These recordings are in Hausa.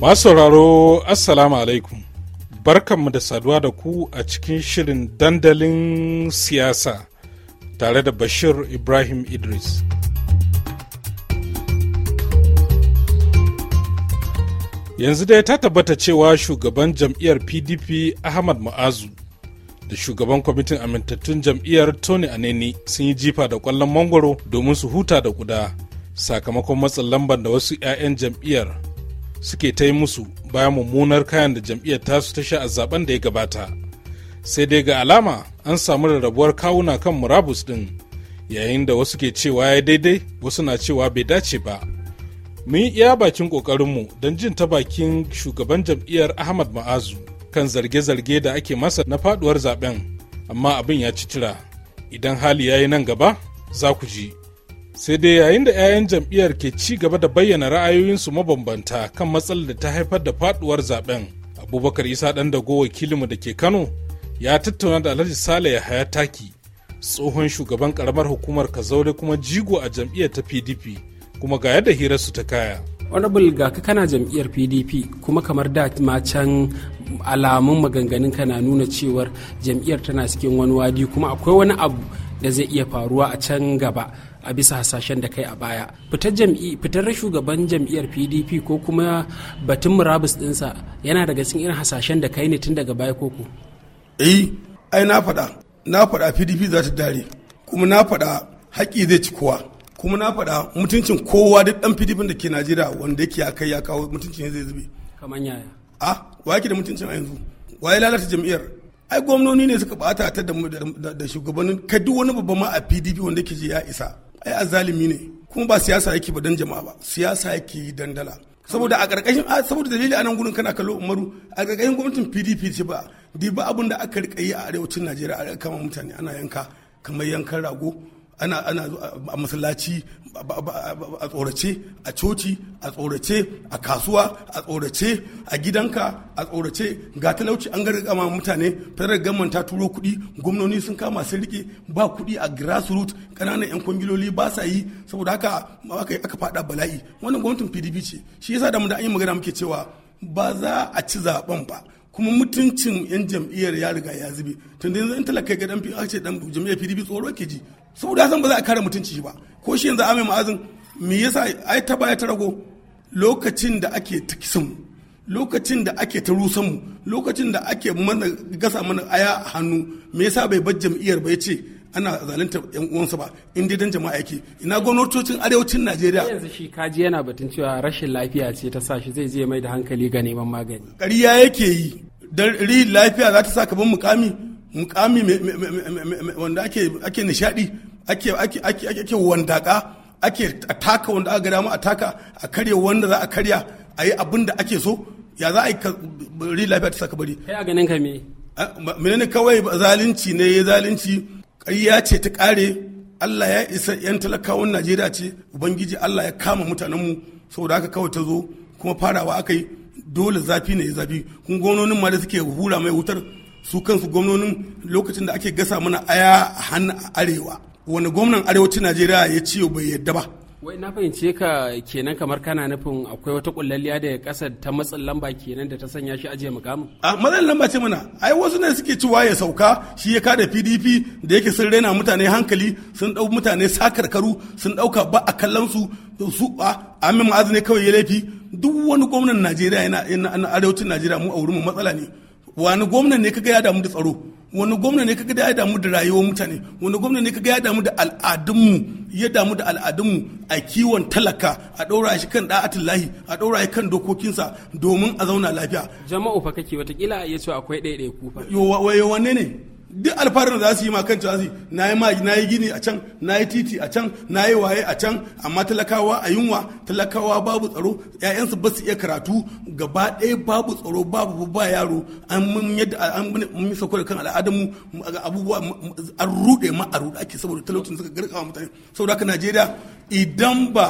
Masu sauraro Assalamu alaikum. Barkanmu da saduwa da ku a cikin shirin dandalin siyasa tare da Bashir Ibrahim Idris. Yanzu dai ta tabbata cewa shugaban jam'iyyar PDP Ahmad Ma'azu da shugaban kwamitin amintattun jam'iyyar Tony Aneni sun yi jifa da kwallon mangoro domin su huta da kuda sakamakon matsin lambar da wasu 'ya'yan jam'iyyar suke ta yi musu bayan mummunar kayan da jam'iyyar tasu ta sha a zaben da ya gabata sai dai ga alama an samu rarrabuwar kawuna kan murabus din yayin da wasu ke cewa ya daidai wasu na cewa bai dace ba mun yi iya bakin kokarinmu don jin ta bakin shugaban jam'iyyar ahmad ma'azu kan zarge-zarge da ake masa na faduwar zaben amma abin ya ci tira idan hali ya yi nan gaba za ku ji sai dai yayin da 'ya'yan jam'iyyar ke ci gaba da bayyana ra'ayoyinsu mabambanta kan matsalar da ta haifar da faduwar zaben abubakar isa dan dago wakilinmu da ke kano ya tattauna da alhaji sale ya haya taki tsohon shugaban karamar hukumar kazaure kuma jigo a jam'iyyar ta pdp kuma ga yadda su ta kaya honorable ga ka kana jam'iyyar pdp kuma kamar da ma can alamun maganganun ka na nuna cewar jam'iyyar tana cikin wani wadi kuma akwai wani abu da zai iya faruwa a can gaba a bisa hasashen da kai a baya fitar jam'i fitar shugaban jam'iyyar pdp ko kuma batun murabus dinsa yana daga cikin irin hasashen da kai ne tun daga baya koko eh ai na faɗa na faɗa pdp za ta dare kuma na faɗa haƙƙi zai ci kowa kuma na faɗa mutuncin kowa duk ɗan pdp da ke najeriya wanda yake ya kai ya kawo mutuncin zai zube kamar yaya a wa yake da mutuncin a yanzu wa ya lalata jam'iyyar ai gwamnoni ne suka bata ta da shugabannin kai duk wani babban ma a pdp wanda ke je ya isa ai azalimi ne kuma ba siyasa yake ba dan jama'a ba siyasa yake dandala saboda a ƙarƙashin saboda dalili anan gurin kana kallo umaru a ƙarƙashin gwamnatin pdp ce ba di ba abin da aka riƙe a arewacin najeriya a kama mutane ana yanka kamar yankan rago ana a masallaci a tsorace a coci a tsorace a kasuwa a tsorace a gidanka a tsorace ga talauci an gama mutane Fadar government ta turo kuɗi gwamnoni sun kama sun rike ba kuɗi a grassroot ƙananan yan kwangiloli ba sa yi saboda haka aka aka fada bala'i wannan gwamnatin PDP ce shi yasa da mu da an yi magana muke cewa ba za a ci zaben ba kuma mutuncin yan jam'iyyar ya riga ya zube tunda yanzu in talaka ga dan ce dan jam'iyyar PDP tsoro ke ji saboda san ba za a kare mutunci ba ko shi yanzu amai ma'azin me yasa ai ta baya ta rago lokacin da ake ta kisan lokacin da ake ta rusan mu lokacin da ake mana gasa mana aya a hannu me yasa bai bar jam'iyyar ba yace ana zalunta yan uwansa ba in dai dan jama'a yake ina gwamnatocin arewacin Najeriya yanzu shi kaji yana batun cewa rashin lafiya ce ta sa shi zai je mai da hankali ga neman magani ƙarya yake yi dan ri lafiya za ta sa ka mukami mukami wanda ake ake nishadi ake ake ake ake wandaka ake ataka wanda aka gada mu ataka a karya wanda za a karya a yi abin da ake so ya za a yi ri lafiya ta saka bari kai ganin ka me menene kawai zalunci ne ya zalunci ƙarya ce ta ƙare Allah ya isa yan talakawan Najeriya ce ubangiji Allah ya kama mutanen mu saboda haka kawai ta zo kuma farawa aka yi dole zafi ne ya zafi kun gononin ma da suke hura mai wutar su kansu gwamnonin lokacin da ake gasa mana aya a hannun arewa wani gwamnan arewacin najeriya ya ce bai yadda ba wai na fahimce ka kenan kamar kana nufin akwai wata kullalliya da kasa ta matsin lamba kenan da ta sanya shi ajiye mukamin a matsin lamba ce mana ai wasu ne suke cewa ya sauka shi ya kada pdp da yake sun raina mutane hankali sun dau mutane sakarkaru sun dauka ba a kallon su su a amin ma'azu kawai ya laifi duk wani gwamnan najeriya yana arewacin najeriya mu a wurin matsala ne wani gwamna ne kaga ya damu da tsaro wani gwamna ne kaga ya damu da rayuwar mutane wani gwamna ne kaga ya damu da al'adunmu ya damu da al'adunmu a kiwon talaka a ɗaura shi kan da'atin lahi a ɗaura shi kan dokokinsa domin a zauna lafiya jama'u fa kake watakila a iya cewa akwai ɗaya kufa yo wanne ne duk alfarin da za su yi ma cewa su na yi na yi gini a can na yi titi a can na yi waye a can amma talakawa a yunwa talakawa babu tsaro ƴaƴansu ba su iya karatu gaba ɗaya babu tsaro babu ba yaro an mun yadda an mun sako da kan al'adamu abubuwa an rude ma a rude ake saboda talaucin suka garkawa mutane saboda haka Najeriya idan ba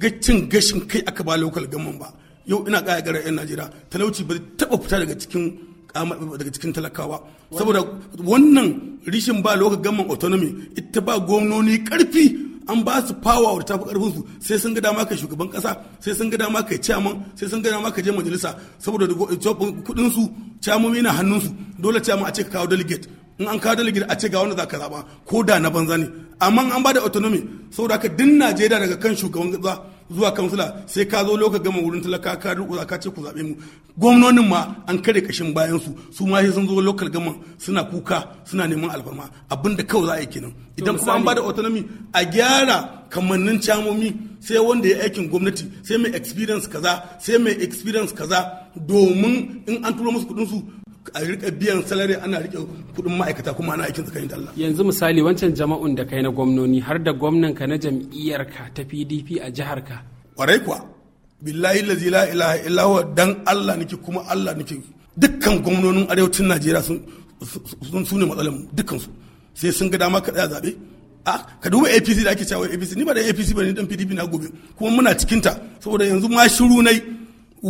gacin gashin kai aka ba local government ba yau ina ƙaya gara 'yan Najeriya talauci ba taɓa fita daga cikin daga cikin talakawa saboda wannan rishin ba lokacin gaman autonomy ita ba gwamnoni karfi an ba su fawa da tafi karfin su sai sun ga dama kai shugaban kasa sai sun ga dama kai chairman sai sun ga dama kai je majalisa saboda eh, kudin su chairmomi na hannun su dole chairman a ce ka kawo delegate in an kawo delegate a ce ga wanda ka zaba ko da na banza ne amma an ba da autonomy saboda ka din Najeriya daga kan shugaban kasa zuwa kansila sai ka zo lokacin gama wurin talaka ka rikuza ka ce ku zaɓe mu gwamnonin ma an kare kashin bayan su su ma sai sun zo lokacin gama suna kuka suna neman alfarma abinda kawai za a yi kenan idan kuma an bada autonomy a gyara kamannin camomi sai wanda ya aikin gwamnati sai mai experience kaza sai mai experience kaza domin in an turo musu kudin su a rika biyan salari ana rike kudin ma'aikata kuma ana aikin tsakanin Allah. Yanzu misali wancan jama'un da kai na gwamnoni har da gwamnan ka na jam'iyyar ka ta PDP a jihar ka. Kwarai kuwa billahi lazi la ilaha illa huwa dan Allah nake kuma Allah nake dukkan gwamnonin arewacin Najeriya sun sun ne matsalan dukkan su sai sun ga dama ka tsaya zabe a ka duba APC da ake cewa APC ni ba da APC ba ni dan PDP na gobe kuma muna cikin ta saboda yanzu ma shiru nai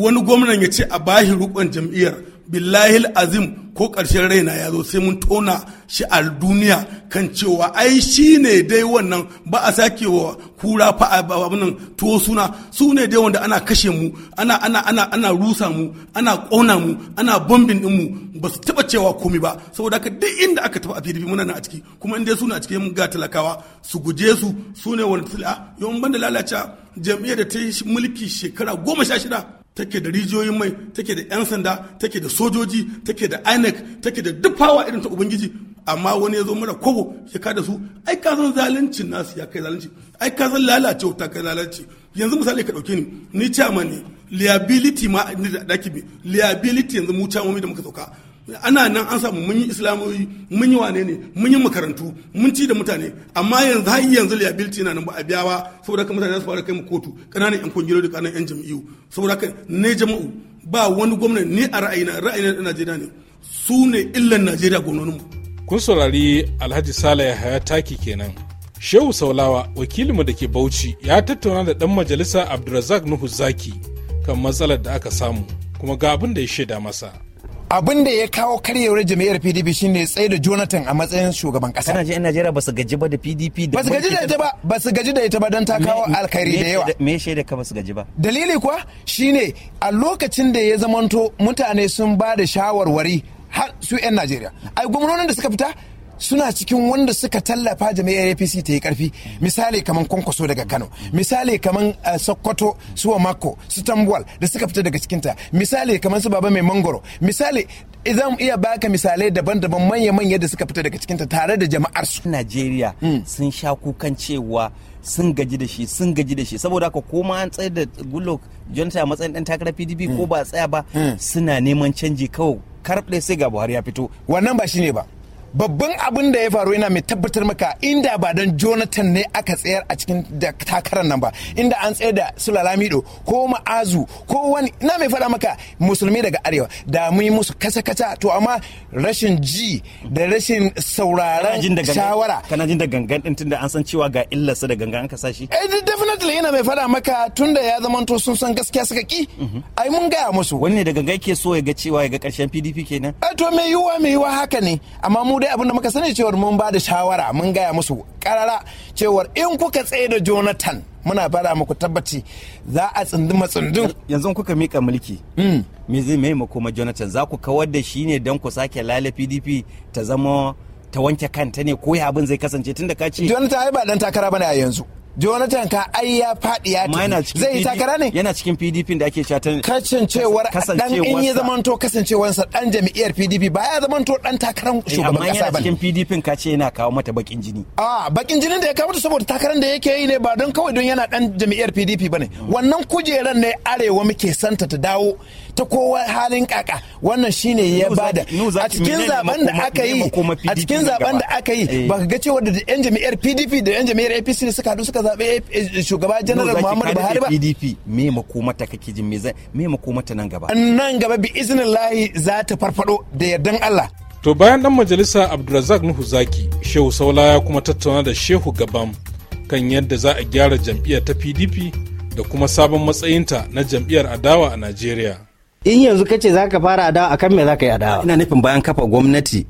wani gwamnan ya ce a bashi rukon jam'iyyar billahil azim ko ƙarshen raina ya zo sai mun tona shi a duniya kan cewa ai shi ne dai wannan ba a sake wa kura fa a nan tuwo suna su ne dai wanda ana kashe mu ana ana ana ana rusa mu ana ƙona mu ana bombin din mu ba su taɓa cewa komi ba saboda haka duk inda aka taba a PDP muna nan a ciki kuma inda suna a ciki mun ga talakawa su guje su su ne wanda tula ah, yawan banda lalacewa jam'iyyar da ta yi mulki shekara goma sha shida take da rijiyoyin mai take da 'yan sanda take da sojoji take da inec take da duk fawa irin ta ubangiji amma wani ya zo mara kogo ya kada su ai ka san zalincin nasu ya kai zalunci ai ka san lalace ta kai lalace yanzu misali ka dauke ni ni chairman ne liability ma da daki liability yanzu mu chairman da muka sauka ana nan an samu mun yi islamoyi mun yi wane ne mun yi makarantu mun ci da mutane amma yanzu har yanzu liability na nan ba a biya ba saboda kan mutane su fara kai mu kotu kananan yan kungiyoyi da kananan yan jam'iyyu saboda kan ne jama'u ba wani gwamnati ni a ra'ayina ra'ayina na Najeriya ne su ne illan Najeriya gwamnonin mu kun saurari Alhaji Sale haya Taki kenan Shehu Saulawa wakilinmu da ke Bauchi ya tattauna da dan majalisa Abdulrazak Nuhu Zaki kan matsalar da aka samu kuma ga abin da ya shaida masa abin da ya kawo karyewar jami'ar pdp shine tsaye da jonathan a matsayin shugaban kasa kana ji yan najeriya basu gaji ba da pdp da basu gaji da ita ba basu gaji da ita ba don ta kawo alkhairi da yawa me shaida ka basu gaji ba dalili kuwa shine a lokacin da ya zamanto mutane sun ba da shawarwari har su yan najeriya ai gwamnonin da suka fita suna cikin wanda suka tallafa jami'ar apc ta yi karfi misali kamar kwankwaso daga kano misali kamar eh, sokoto su mako su tambuwal da suka fita daga cikinta misali kamar su baba mai mangoro misali idan iya baka misalai daban-daban manya-manya da suka fita daga cikinta tare da jama'ar su najeriya hmm. sun sha kukan cewa sun gaji da shi sun gaji da shi saboda ka koma ma an tsayar da gulok jonathan a matsayin dan takarar pdp ko hmm. ba tsaya ba hmm. suna neman canji kawai karɓe sai ga buhari ya fito wannan ba shi ne ba babban abin da ya faru yana mai tabbatar maka inda ba don jonathan ne aka tsayar a cikin takarar nan ba inda an tsayar da sulalamido ko ma'azu ko wani na mai faɗa maka musulmi daga arewa da mu yi musu kasa kasa to amma rashin ji da rashin sauraron shawara kana jin da gangan din tunda an san cewa ga illarsa da gangan ka sashi eh definitely yana mai faɗa maka tunda ya to sun san gaskiya suka ki mhm. ai mun gaya musu wani ne da gangan ke so ya ga cewa ya ga karshen pdp kenan eh, to mai yiwuwa mai yiwa haka ne amma mu dai abin da muka sani cewar mun ba da shawara mun gaya musu karara cewar in kuka tsaye da jonathan muna fara muku tabbaci za a tsinduma matsundun yanzu kuka mika mulki hmm. me zai mai makoma jonathan za ku kawar da shi ne don ku sake lale pdp ta zama ta wanke kanta ne ko ya abin zai kasance tun da ka ce jonathan ai ba dan takara bane a yanzu jonathan ka ai ya faɗi ya zai yi takara ne yana cikin pdp da ake shata kasancewar dan in ya zamanto kasancewarsa dan jami'ar pdp ba ya zamanto dan takarar eh, shugaban kasa ba amma yana cikin pdp ka ce yana kawo mata bakin jini a bakin jinin da ya kawo mata saboda takarar da yake yi ne ba don kawai don yana dan jami'ar pdp ba ne mm. wannan kujeran ne arewa muke santa ta dawo ta kowa halin kaka wannan shine ya bada a cikin zaben da aka yi a cikin zaben da aka yi ba ka ga cewa da yan jami'ar PDP da yan jami'ar APC suka hadu suka zabe eh, shugaba general Muhammadu Buhari ba PDP me makomata kake jin me me makomata nan gaba nan gaba bi lahi za ta farfado da yardan Allah To bayan dan majalisa Abdulrazak Nuhu Zaki, Shehu Saula ya kuma tattauna da Shehu Gabam kan yadda za a gyara jam'iyyar ta PDP da kuma sabon matsayinta na jam'iyyar adawa a Najeriya. in yanzu kace za ka fara adawa akan me za ka yi adawa ina nufin bayan kafa gwamnati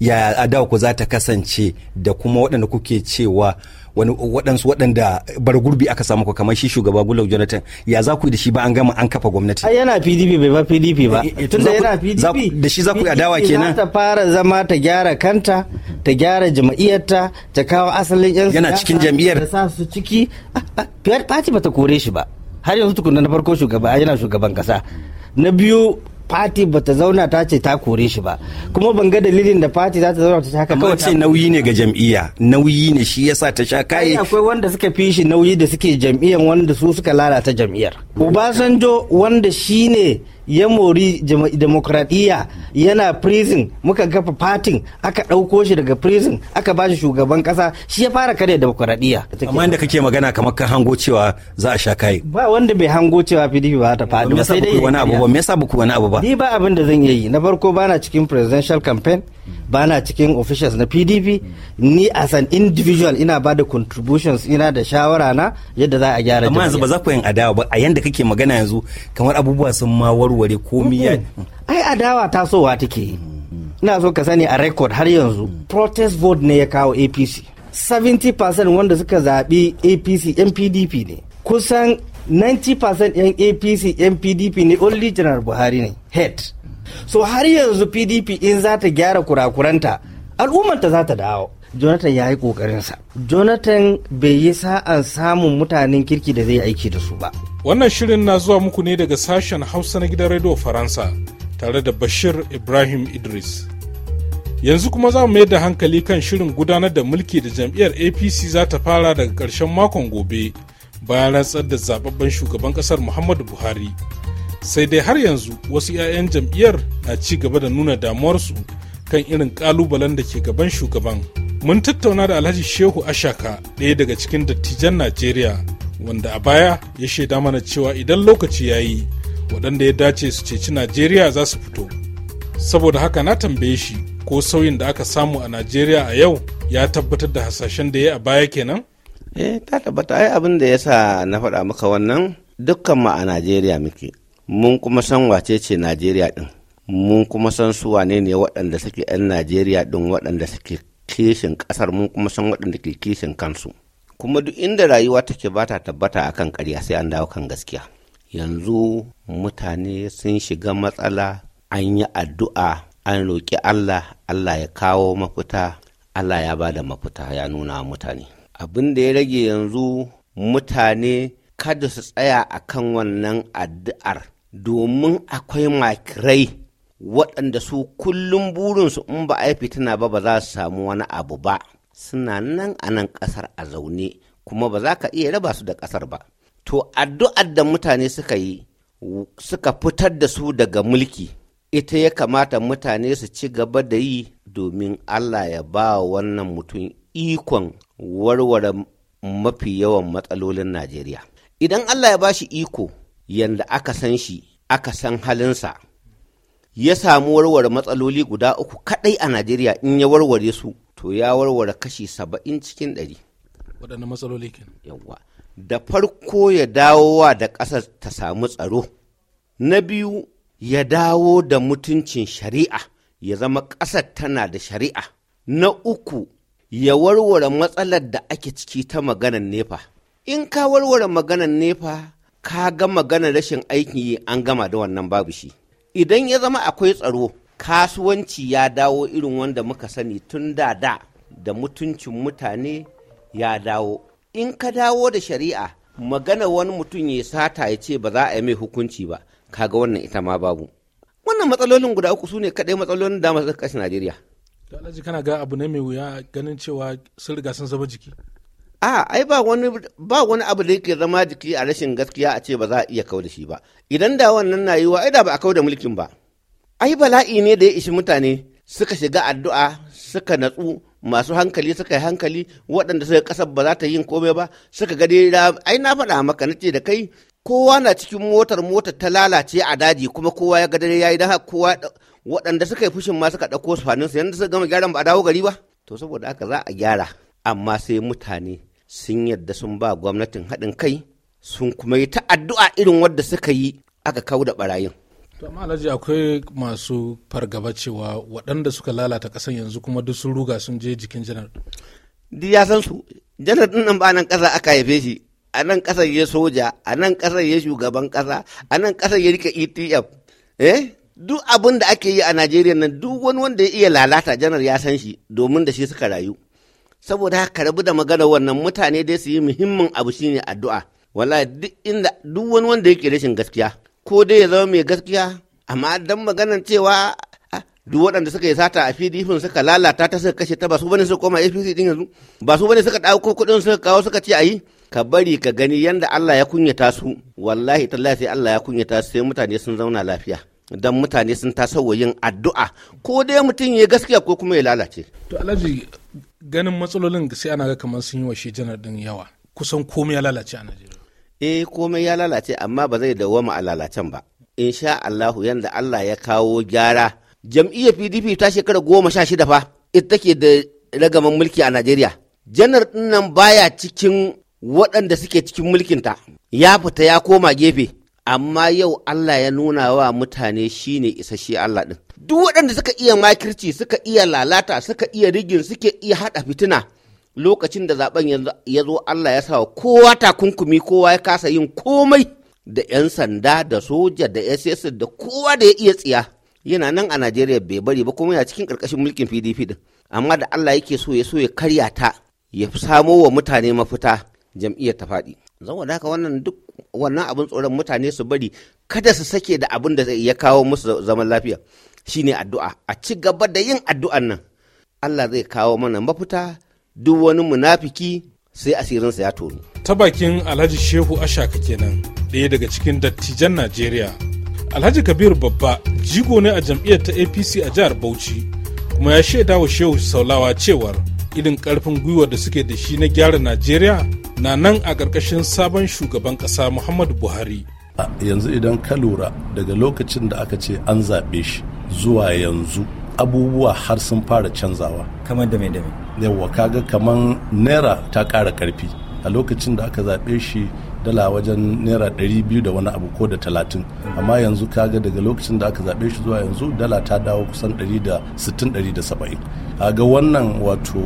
ya adawa ku za ta kasance da kuma waɗanda kuke cewa wani waɗansu waɗanda bar gurbi aka samu kamar shi shugaba Goodluck Jonathan ya za ku yi da shi ba an gama an kafa gwamnati ai yana PDP bai ba PDP eh, ba eh, eh, tunda yana PDP da shi za ku yi adawa kenan ta fara zama ta gyara kanta ta gyara jam'iyyarta ta kawo asalin yan yana cikin jam'iyyar da sa su ciki ah, ah, fiyar party bata kore shi ba har yanzu tukunna na farko shugaba yana shugaban kasa na biyu fati bata zauna ta ce ta kore shi ba kuma ban ga dalilin da fati za ta zauna ta haka kawai ce nauyi ne ga jam'iyya nauyi ne shi yasa ta sha kai akwai wanda suka fi shi nauyi da suke jam'iyyan wanda su suka lalata jam'iyyar ubasanjo wanda shine ya mori demokradiyya yana prison muka kafa fatin aka ɗauko shi daga prison aka ba shi shugaban ƙasa shi ya fara karya demokradiyya. amma inda kake magana kamar ka hango cewa za a sha kai ba wanda bai hango cewa pdp ba ta faɗi ba sai dai wani abu ba me yasa ba ku wani abu ba ni ba abin da zan yi na farko bana cikin presidential campaign bana cikin officials na pdp ni as an individual ina ba da contributions ina da shawara na yadda za a gyara amma yanzu ba za ku yin adawa ba a yanda kake magana yanzu kamar abubuwa sun ma waru warware komi ai adawa tasowa take ina so ka sani a record har yanzu mm. protest vote ne ya kawo apc 70% wanda suka zaɓi apc npdp ne kusan 90% yan apc npdp ne only general buhari ne head so har yanzu pdp in za ta gyara kurakuranta al'ummanta za ta dawo jonathan ya yi ƙoƙarinsa jonathan bai yi sa'an samun mutanen kirki da zai aiki da su ba Wannan shirin na zuwa muku ne daga sashen Hausa na gidan Radio Faransa tare da Bashir Ibrahim Idris. Yanzu kuma za mu mayar da hankali kan shirin gudanar da mulki da jam'iyyar APC za ta fara daga ƙarshen makon gobe bayan rantsar da zababben shugaban ƙasar Muhammadu Buhari. Sai dai har yanzu wasu 'ya'yan jam'iyyar na ci gaba da nuna damuwarsu kan irin ƙalubalen da ke gaban shugaban. Mun tattauna da Alhaji Shehu Ashaka ɗaya daga cikin dattijan Najeriya wanda a baya ya shaida mana cewa idan lokaci ya yi waɗanda ya dace su ceci najeriya za su fito saboda haka na tambaye shi ko sauyin da aka samu a najeriya a yau ya tabbatar da hasashen da ya a baya kenan eh ta tabbata ai abin da ya sa na faɗa maka wannan dukkan ma a najeriya muke mun kuma san wace ce najeriya din mun kuma san su wane ne waɗanda suke 'yan najeriya din waɗanda suke kishin ƙasar mun kuma san waɗanda ke kishin kansu kuma duk inda rayuwa take ba ta tabbata akan karya sai an dawo kan gaskiya yanzu mutane sun shiga matsala an yi addu'a an roƙi allah allah ya kawo mafita allah ya ba da mafita ya nuna mutane abin da ya rage yanzu mutane kada su tsaya a kan wannan addu'ar domin akwai makirai waɗanda su kullum burinsu in ba a yi fitina ba ba za su samu wani abu ba suna nan a nan ƙasar a zaune kuma ba za ka iya raba su da ƙasar ba to addu'ar da mutane suka yi suka fitar da su daga mulki ita ya kamata mutane su ci gaba da yi domin Allah ya ba wannan mutum ikon warware mafi yawan matsalolin Najeriya. Idan Allah ya ba shi iko yadda aka san shi, aka san halinsa, ya samu warware matsaloli guda uku kaɗai a Najeriya in ya warware su, to ya warware kashi saba'in cikin ɗari. matsaloli kenan. yawwa da farko ya dawowa da ƙasar ta samu tsaro na biyu ya dawo da mutuncin shari'a ya zama ƙasar tana da shari'a na uku ya warware matsalar da ake ciki ta maganar nefa in ka warware maganar nefa ka ga maganar rashin aikin yi an gama da wannan babu shi idan ya zama akwai tsaro kasuwanci ya dawo irin wanda muka sani tun da da da mutuncin mutane ya dawo in ka dawo da shari'a magana wani mutum ya sata ya ce ba za a yi mai hukunci ba kaga wannan ita ma babu wannan matsalolin guda uku su ne kaɗai matsalolin da masu kashi najeriya da alhaji kana ga abu ne mai wuya ganin cewa sun riga sun zama jiki a ai ba wani ba wani abu da yake zama jiki a rashin gaskiya a ce ba za a iya kau da shi ba idan da wannan na yi wa ai da ba a kau da mulkin ba ai bala'i ne da ya ishi mutane suka shiga addu'a suka natsu masu hankali suka yi hankali waɗanda suka kasar ba za ta yin komai ba suka gani ai na faɗa maka na ce da kai kowa na cikin motar mota ta lalace a daji kuma kowa ya gadare ya yi don kowa waɗanda suka yi fushin ma suka ɗauko sufanin su yadda suka gama gyaran ba a dawo gari ba to saboda haka za a gyara amma sai mutane sun yadda sun ba gwamnatin haɗin kai sun kuma yi ta addu'a irin wadda suka yi aka kau da ɓarayin to amma alhaji akwai masu fargaba cewa waɗanda suka lalata ƙasan yanzu kuma duk sun ruga sun je jikin janar duk ya san su janar ɗin nan ba nan ƙasa aka haife shi a nan ƙasar ya soja a nan ƙasar ya shugaban ƙasa a nan ƙasar ya rike etf eh duk abin da ake yi a najeriya nan duk wani wanda ya iya lalata janar ya san shi domin da shi suka rayu saboda haka rabu da magana wannan mutane dai su yi muhimmin abu shine addu'a wallahi duk inda duk wani wanda yake rashin gaskiya ko dai ya zama mai gaskiya amma dan maganan cewa ah, duk waɗanda suka yi sata a PDP suka lalata ta suka kashe ta ba su bane suka koma APC din yanzu ba su bane suka ɗauko kuɗin suka kawo suka ce ayi ka bari ka gani yanda Allah ya kunyata su wallahi tallahi sai Allah ya kunyata su sai mutane sun zauna lafiya dan mutane sun tasowa yin addu'a ko dai mutum ya gaskiya ko kuma ya lalace to alhaji ganin matsalolin sai ana ga kamar sun yi wa shi janar din yawa kusan komai ya lalace a Najeriya eh komai ya lalace amma ba zai dawwama a lalacen ba insha Allahu yanda Allah ya kawo gyara jam'iyyar PDP ta shekara goma sha shida fa ita take da ragaman mulki a Najeriya janar nan baya cikin waɗanda suke cikin mulkinta ya fita ya koma gefe amma yau Allah ya nuna wa mutane shine isasshe Allah ɗin duk waɗanda suka iya makirci suka iya lalata suka iya rigin suke iya haɗa fitina lokacin da zaben ya zo Allah ya sawa kowa takunkumi kowa ya kasa yin komai da 'yan sanda da soja da SS da kowa da ya iya tsiya yana nan a Najeriya bai bari ba kuma yana cikin ƙarƙashin mulkin PDP din amma da Allah yake so ya so ya karya ta ya samo wa mutane mafita jam'iyyar ta faɗi zan haka wannan duk wannan abin tsoron mutane su bari kada su sake da abin da ya kawo musu zaman lafiya shine addu'a a ci gaba da yin addu'an nan Allah zai kawo mana mafita duk wani munafiki sai asirinsa ya tonu. Ta bakin Alhaji Shehu Ashaka kenan ɗaya daga cikin dattijan Najeriya. Alhaji Kabir Babba jigo ne a jam'iyyar ta APC a jihar Bauchi kuma ya shaida wa Shehu Saulawa cewar irin karfin gwiwar da suke da shi na gyara Najeriya na nan a ƙarƙashin sabon shugaban ƙasa Muhammadu Buhari. Yanzu idan ka lura daga lokacin da aka ce an zaɓe shi zuwa yanzu abubuwa har sun fara canzawa. Kamar da mai da mai. yawwa kaga kaman naira ta kara karfi a lokacin da aka zaɓe shi dala wajen naira ɗari biyu da wani abu ko da talatin amma yanzu kaga daga lokacin da aka zaɓe shi zuwa yanzu dala ta dawo kusan 160 da sittin ga wannan wato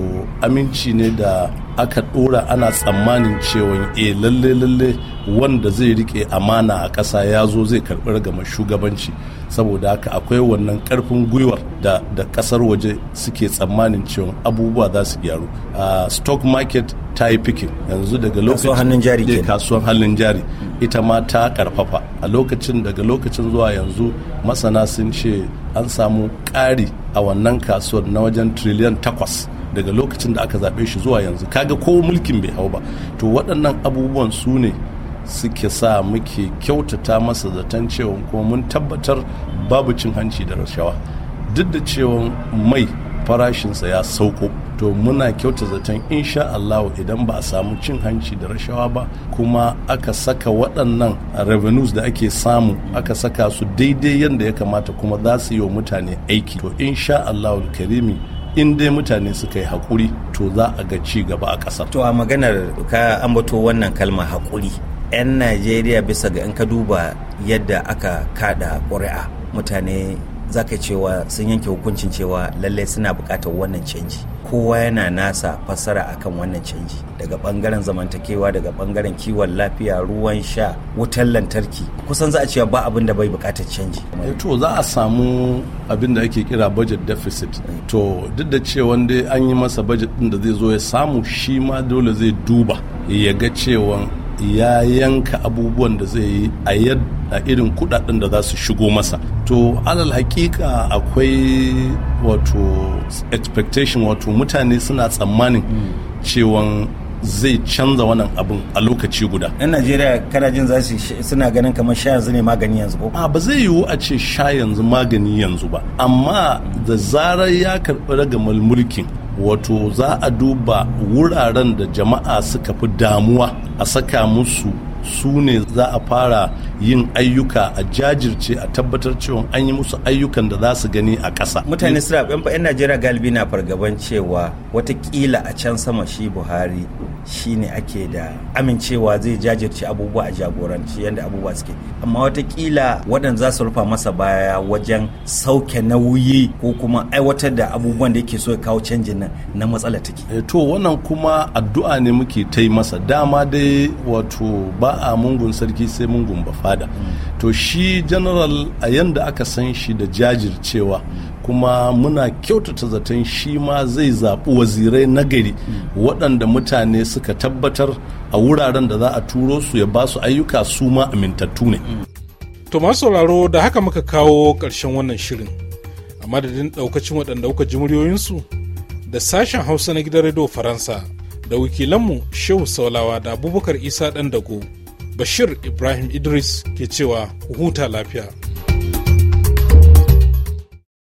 aminci ne da aka ɗora ana tsammanin cewa e eh, lalle lalle wanda zai rike amana a ƙasa ya zo zai karɓi ragamar shugabanci saboda haka akwai wannan ƙarfin gwiwar da, da ƙasar waje suke tsammanin cewa abubuwa za su gyaru a stock market ta yi fikin yanzu daga jari eh, kasuwan hannun jari ita ma ta karfafa a lokacin daga lokacin zuwa yanzu masana sun ce an samu ƙari a wannan kasuwar na wajen triliyan takwas daga lokacin da aka zaɓe shi zuwa yanzu kaga ko mulkin bai hau ba to waɗannan abubuwan su ne suke sa muke kyautata masa zaton cewa kuma mun tabbatar babu cin hanci da rashawa duk da cewa mai farashinsa ya sauko to muna kyauta zaton insha Allah idan ba a samu cin hanci da rashawa ba kuma aka saka waɗannan revenues da ake samu aka saka su daidai yadda ya kamata kuma za su yi wa mutane aiki to insha Allah karimi in dai mutane suka yi hakuri to za a ga ci gaba a ƙasa To a maganar ka ambato wannan kalma hakuri 'yan najeriya bisa ga in ka duba yadda aka kada ƙuri'a mutane za ka cewa sun yanke hukuncin cewa lallai suna buƙatar wannan canji kowa yana nasa fassara akan wannan canji daga bangaren zamantakewa daga bangaren kiwon lafiya ruwan sha wutar lantarki kusan za a cewa ba abin da bai buƙatar canji eh, to za a samu abin da ake kira budget deficit to duk da cewa dai an yi masa budget din da zai zo ya samu shi ma dole zai duba ya ga cewa ya yanka abubuwan da zai yi a yadda irin kudaden da za su shigo masa to alal hakika akwai wato expectation wato mutane suna tsammanin cewan zai canza wannan abin a lokaci guda. Yan Najeriya kana jin za su suna ganin kamar sha yanzu ne magani yanzu ko? ba zai yiwu a ce sha yanzu magani yanzu ba. Amma da zarar ya karɓi ragamar mulkin wato za a duba wuraren da jama'a suka fi damuwa a saka musu su ne za a fara yin ayyuka a jajirce a tabbatar cewa an yi musu ayyukan da za su gani a ƙasa. mutane suna yan najeriya galibi na fargaban cewa watakila a can sama shi buhari shi ne ake da amincewa zai jajirce abubuwa a jagoranci yadda abubuwa suke amma watakila waɗanda za su rufa masa baya wajen sauke nauyi ko kuma aiwatar da abubuwan da yake so ya kawo canjin nan na matsala take eh, to wannan kuma addu'a ne muke ta masa dama dai wato ba a mungun sarki sai mungun ba fada mm. to shi general a yanda aka san shi da jajircewa mm. kuma muna kyautata zaton shi ma zai zaɓi wazirai nagari waɗanda mutane suka tabbatar a wuraren da za a turo su ya ba su ayyuka su ma amintattu ne. To masu sauraro da haka muka kawo ƙarshen wannan shirin a madadin ɗaukacin waɗanda kuka ji muryoyinsu da sashen hausa na gidan rediyo faransa da wakilanmu shehu saulawa da abubakar isa ɗan dago bashir ibrahim idris ke cewa huta lafiya.